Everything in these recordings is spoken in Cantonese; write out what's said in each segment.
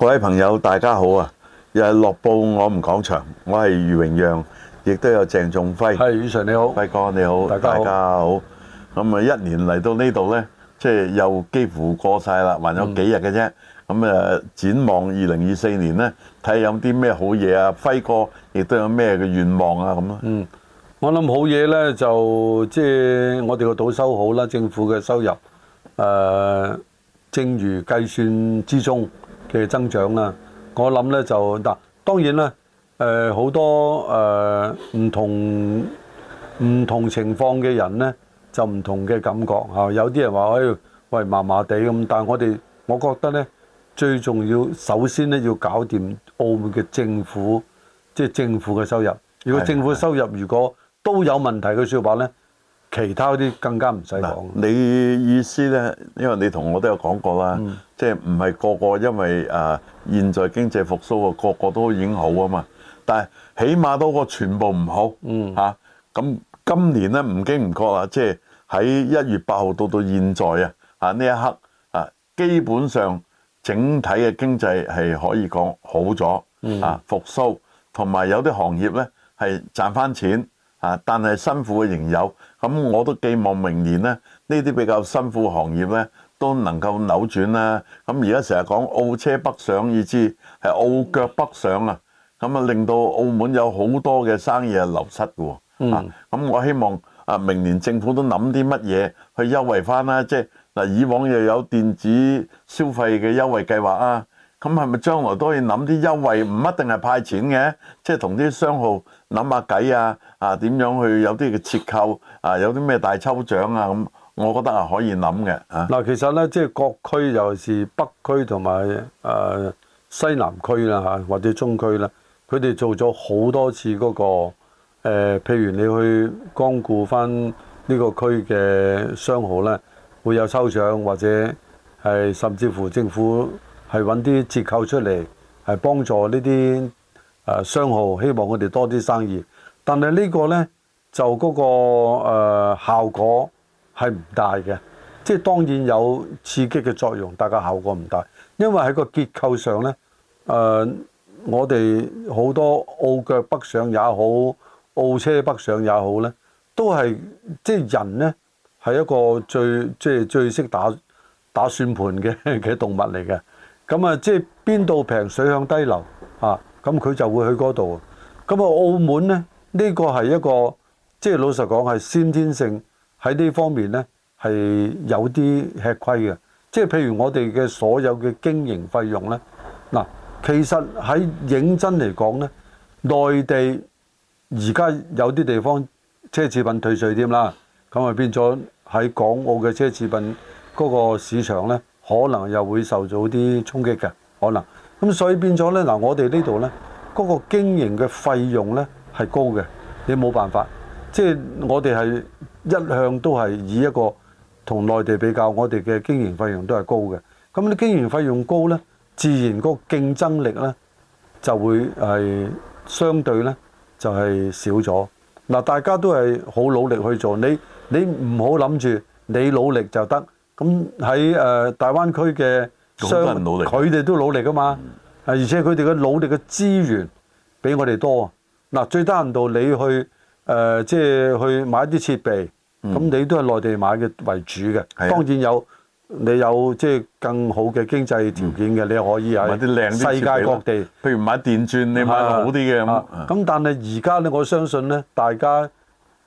各位朋友，大家好啊！又係《樂報》我哋講場，我係余榮讓，亦都有鄭仲輝。係余 Sir 你好，輝哥你好，大家好。咁啊，一年嚟到呢度呢，即係又幾乎過晒啦，還有幾日嘅啫。咁、嗯、啊，展望二零二四年呢，睇下有啲咩好嘢啊？輝哥亦都有咩嘅願望啊？咁啊。嗯，我諗好嘢呢，就即係我哋個賭收好啦，政府嘅收入誒、呃，正如計算之中。嘅增長啦，我諗咧，就嗱，當然啦，誒、呃、好多誒唔、呃、同唔同情況嘅人咧，就唔同嘅感覺吓。有啲人話誒、哎、喂麻麻地咁，但係我哋我覺得咧，最重要首先咧要搞掂澳門嘅政府，即、就、係、是、政府嘅收入。如果政府收入如果都有問題嘅說話咧。是是是其他啲更加唔使講。你意思呢？因為你同我都有講過啦，即係唔係個個因為啊，現在經濟復甦啊，個個都已經好啊嘛。但係起碼都個全部唔好。啊，咁今年呢，唔經唔覺啊，即係喺一月八號到到現在啊呢一刻啊，基本上整體嘅經濟係可以講好咗啊，復甦同埋有啲行業呢，係賺翻錢啊，但係辛苦嘅仍有。咁我都寄望明年呢呢啲比較辛苦行業呢都能夠扭轉啦、啊。咁而家成日講澳車北上，以至係澳腳北上啊。咁啊，令到澳門有好多嘅生意流失喎、啊。咁、嗯啊、我希望啊，明年政府都諗啲乜嘢去優惠返、啊、啦。即係嗱，以往又有電子消費嘅優惠計劃啊。咁係咪將來都要諗啲優惠？唔一定係派錢嘅，即係同啲商號諗下計啊！啊，點樣去有啲嘅折扣啊？有啲咩大抽獎啊？咁、啊、我覺得係可以諗嘅啊！嗱，其實呢，即、就、係、是、各區尤其是北區同埋、啊、西南區啦、啊，或者中區啦，佢哋做咗好多次嗰、那個、啊、譬如你去光顧翻呢個區嘅商號呢、啊，會有抽獎或者、啊、甚至乎政府。係揾啲折扣出嚟，係幫助呢啲誒商號，希望佢哋多啲生意。但係呢個呢，就嗰、嗰個、呃、效果係唔大嘅，即、就、係、係、當然有刺激嘅作用，但係效果唔大，因為喺個結構上呢，誒、呃，我哋好多澳腳北上也好，澳車北上也好呢，都係即係人呢，係一個最即係最識打打算盤嘅嘅動物嚟嘅。咁啊，即係邊度平水向低流啊？咁佢就會去嗰度。咁啊，澳門呢，呢個係一個，即係老實講係先天性喺呢方面呢，係有啲吃虧嘅。即係譬如我哋嘅所有嘅經營費用呢，嗱，其實喺認真嚟講呢，內地而家有啲地方奢侈品退稅點啦，咁啊變咗喺港澳嘅奢侈品嗰個市場呢。可能又會受到啲衝擊嘅可能，咁所以變咗咧，嗱，我哋呢度咧，呢個經營嘅費用咧，係高嘅，你冇辦法，即係我哋係一向都係以一個同內地比較，我哋嘅經營費用都係高嘅。咁你經營費用高咧，自然嗰個競爭力咧就會係相對咧就係少咗。嗱，大家都係好努力去做，你你唔好諗住你努力就得。咁喺誒大灣區嘅商，佢哋都努力噶嘛，啊、嗯、而且佢哋嘅努力嘅資源比我哋多。嗱、啊，最低限度你去誒，即、呃、係、就是、去買啲設備，咁、嗯、你都係內地買嘅為主嘅、嗯。當然有你有即係、就是、更好嘅經濟條件嘅、嗯，你可以喺世界各地，買各地，譬如買電鑽，你買好啲嘅咁。咁、啊啊啊啊、但係而家咧，我相信咧，大家誒、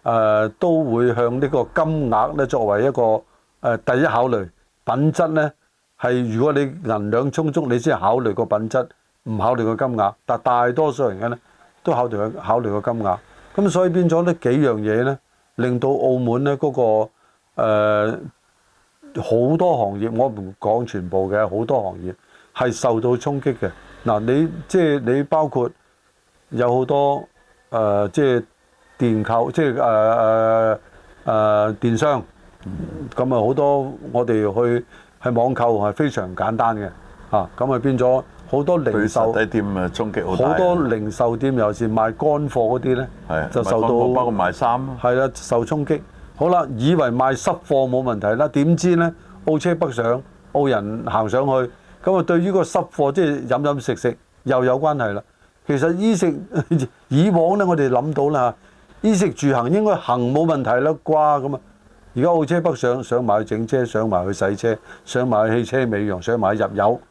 呃、都會向呢個金額咧作為一個。誒第一考慮品質咧，係如果你能量充足，你先考慮個品質，唔考慮個金額。但大多數人哋咧都考慮個考慮個金額。咁所以變咗呢幾樣嘢咧，令到澳門咧嗰個誒好多行業，我唔講全部嘅，好多行業係受到衝擊嘅。嗱，你即係你包括有好多誒，即係電購，即係誒誒誒電商。咁啊，好多我哋去去網購係非常簡單嘅嚇，咁啊變咗好多零售。好多零售店尤其是賣乾貨嗰啲咧，就受到包括賣衫。係啦，受衝擊。好啦，以為賣濕貨冇問題啦，點知咧？澳車北上，澳人行上去咁啊，對於個濕貨即係飲飲食食又有關係啦。其實衣食以往咧，我哋諗到啦嚇，衣食住行應該行冇問題啦啩咁啊，而家澳車北上，想買整車，想買去洗車，想買汽車美容，想買入油。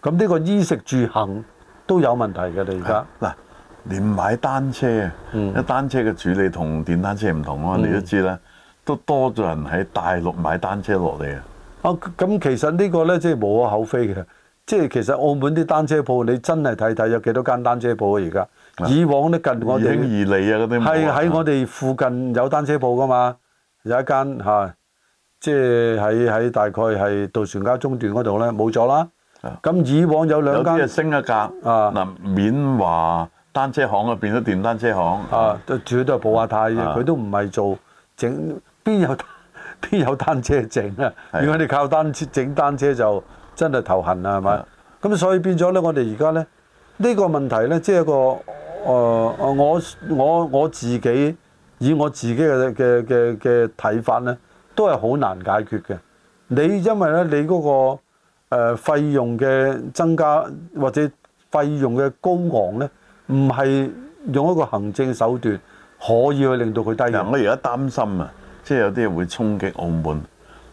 咁呢個衣食住行都有問題嘅。你而家嗱，連買單車啊，一單車嘅處理同電單車唔同啊！你都知啦，都多咗人喺大陸買單車落嚟啊、嗯嗯嗯！啊，咁其實呢個咧即係無可厚非嘅，即係其實澳門啲單車鋪，你真係睇睇有幾多間單車鋪啊！而家以往咧，近我哋輕嚟啊啲，係喺我哋附近有單車鋪噶嘛。有一間嚇，即係喺喺大概係渡船街中段嗰度咧，冇咗啦。咁以往有兩間，有啲升一格啊。嗱，綿華單車行啊，變咗電單車行啊。主要是是是都係抱下太。啫，佢都唔係做整，邊有邊有單車整啊？如果你靠單車整單車就真係頭痕啊，係咪？咁所以變咗咧，我哋而家咧呢個問題咧，即、就、係、是、個誒誒、呃、我我我自己。以我自己嘅嘅嘅嘅睇法咧，都係好難解決嘅。你因為咧，你嗰個誒費用嘅增加或者費用嘅高昂咧，唔係用一個行政手段可以去令到佢低。嗱，我而家擔心啊，即係有啲嘢會衝擊澳門。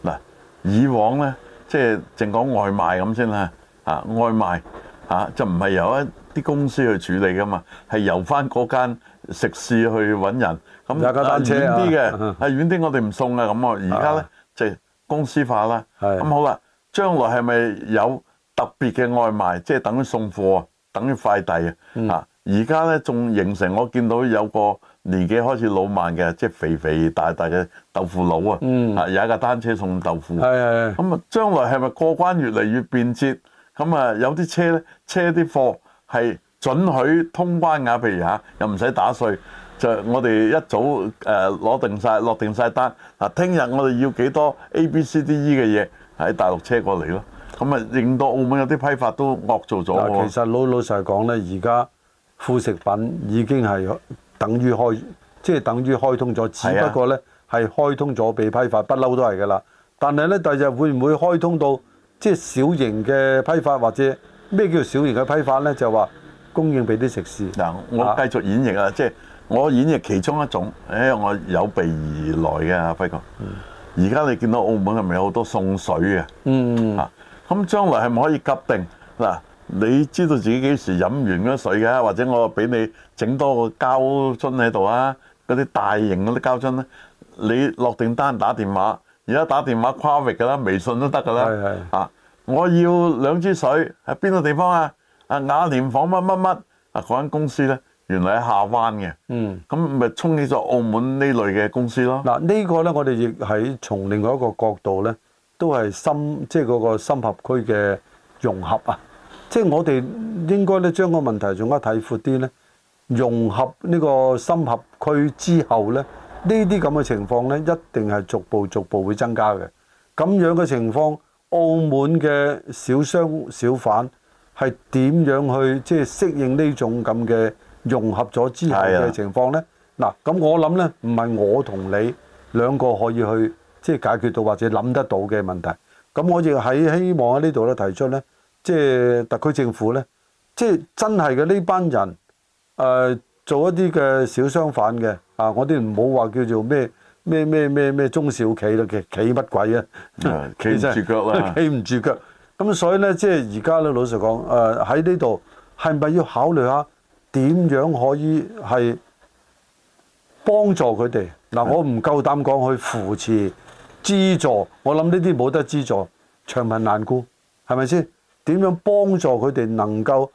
嗱，以往咧，即係淨講外賣咁先啦，啊外賣啊就唔係由一啲公司去處理㗎嘛，係由返嗰間。食肆去揾人，咁啊遠啲嘅，啊遠啲我哋唔送啊咁啊。而家咧就係公司化啦，咁好啦。將來係咪有特別嘅外賣，即係等於送貨，等於快遞、嗯、啊？啊，而家咧仲形成，我見到有個年紀開始老慢嘅，即係肥肥大大嘅豆腐佬、嗯、啊，啊，有一架單車送豆腐。係係、啊。咁啊，將來係咪過關越嚟越便捷？咁、嗯、啊，有啲車咧，車啲貨係。准許通關啊，譬如嚇又唔使打稅，就我哋一早誒攞定晒落定晒單嗱。聽日我哋要幾多 A、B、C、D、E 嘅嘢喺大陸車過嚟咯。咁啊，令到澳門有啲批發都惡做咗喎。其實老老實講呢，而家副食品已經係等於開，即係等於開通咗，只不過呢係開通咗被批發，不嬲都係㗎啦。但係呢，第二日會唔會開通到即係小型嘅批發，或者咩叫小型嘅批發呢？就話。供應俾啲食肆嗱，我繼續演繹啊！即係我演繹其中一種，誒，我有備而來嘅阿輝哥。而家你見到澳門係咪有好多送水嘅、啊？嗯啊，咁將來係咪可以急定嗱？啊、你知道自己幾時飲完嗰水嘅、啊，或者我俾你整多個膠樽喺度啊？嗰啲大型嗰啲膠樽咧，你落訂單打電話，而家打電話跨域㗎啦，微信都得㗎啦。係係啊，我要兩支水喺邊個地方啊？啊！雅廉房乜乜乜啊！嗰間公司咧，原來喺下灣嘅，咁咪沖起咗澳門呢類嘅公司咯。嗱，呢個咧，我哋亦喺從另外一個角度咧，都係深，即係嗰個深合區嘅融合啊！即係我哋應該咧，將個問題仲加睇闊啲咧，融合呢個深合區之後咧，呢啲咁嘅情況咧，一定係逐步逐步會增加嘅。咁樣嘅情況，澳門嘅小商小販。係點樣去即係適應呢種咁嘅融合咗之後嘅情況呢？嗱，咁我諗呢，唔係我同你兩個可以去即係解決到或者諗得到嘅問題。咁我亦喺希望喺呢度咧，提出呢，即係特區政府呢，即係真係嘅呢班人，誒，做一啲嘅小商販嘅啊，我哋唔好話叫做咩咩咩咩咩中小企喇，企企乜鬼啊？企住腳啦，企唔住腳。咁所以咧，即係而家咧，老實講，誒喺呢度係咪要考慮下點樣可以係幫助佢哋嗱？我唔夠膽講去扶持、資助，我諗呢啲冇得資助，長貧難顧，係咪先？點樣幫助佢哋能夠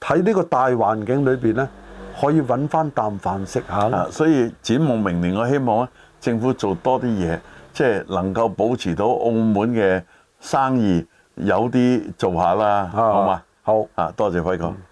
喺呢個大環境裏邊咧，可以揾翻啖飯食下啦。所以展望明年，我希望咧政府做多啲嘢，即係能夠保持到澳門嘅生意。有啲做下啦，啊，好嗎？好啊，多謝輝哥。嗯